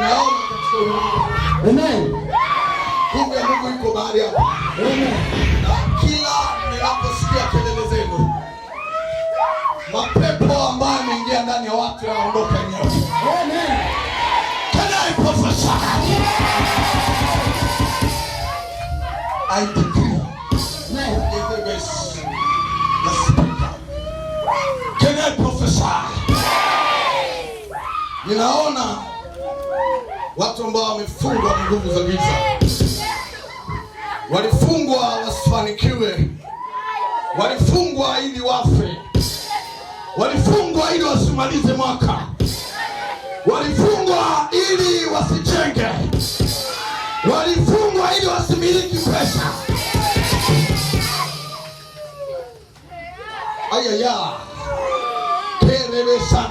naona katika ulimwengu. Amen. Nguvu ya Mungu iko mahali hapa. Amen. Na kila ninaposikia kelele zenu, mapepo ambayo yameingia ndani ya watu yanaondoka nyote. Amen. Can I prophesy? I decree. Amen. The speaker. Can I prophesy? Ninaona watu ambao wamefungwa na nguvu za giza, walifungwa wasifanikiwe, walifungwa ili wafe, walifungwa ili wasimalize mwaka, walifungwa ili wasijenge, walifungwa ili wasimiliki pesa. ayaya kerebesa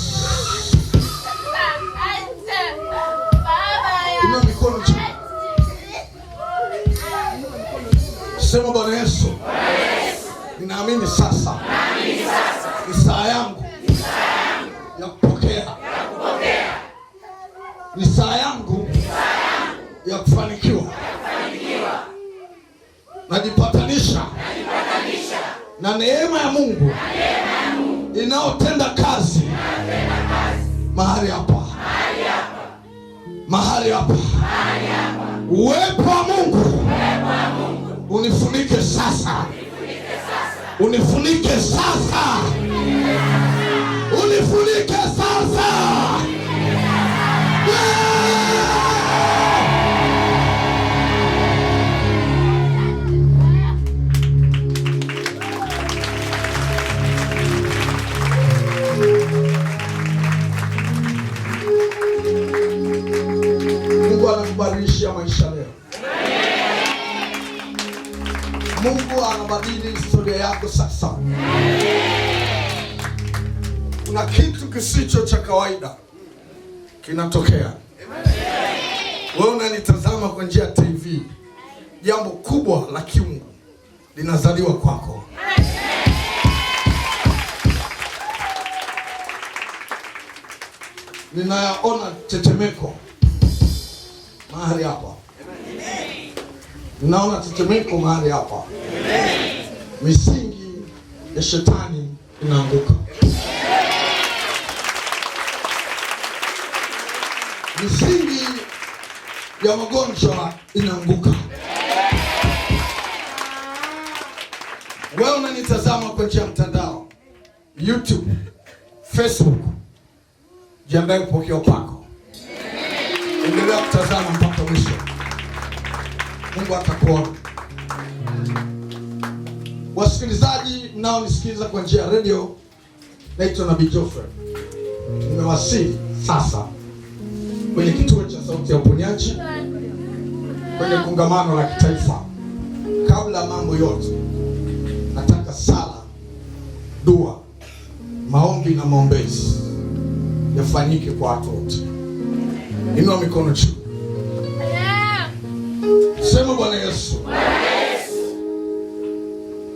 Ninaamini sasa ni saa yangu ya kupokea, ni saa yangu ya kufanikiwa. Najipatanisha na neema ya Mungu inayotenda kazi mahali hapa, mahali hapa. Uwepo wa Mungu unifunike sasa unifunike sasa, unifunike sasa. Mungu anakubadilisha maisha Bwana anabadili historia yako sasa. Kuna kitu kisicho cha kawaida kinatokea. Wewe unanitazama kwa njia ya TV, jambo kubwa la kiungu linazaliwa kwako. Ninaona tetemeko mahali hapa, ninaona tetemeko mahali hapa misingi ya shetani inaanguka, misingi ya magonjwa inaanguka. Wewe unanitazama kwa njia ya mtandao YouTube, Facebook, jiandae kupokea upako. Endelea kutazama mpaka mwisho, Mungu atakuona. Wasikilizaji mnaonisikiliza kwa njia ya redio, naitwa Nabii Geoffrey. Nimewasili sasa kwenye kituo cha Sauti ya Uponyaji kwenye kongamano la kitaifa. Kabla ya mambo yote, nataka sala, dua, maombi na maombezi yafanyike kwa watu wote. Inua mikono juu, sema Bwana Yesu.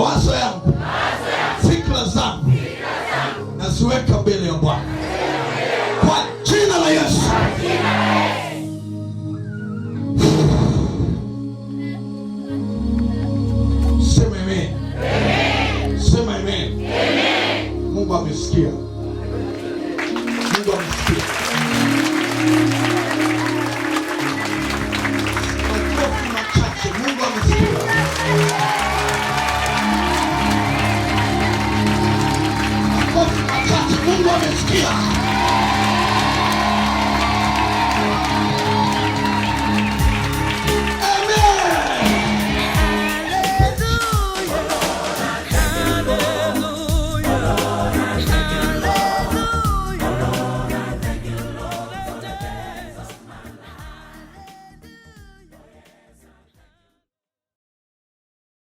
Olha só ela. つきだ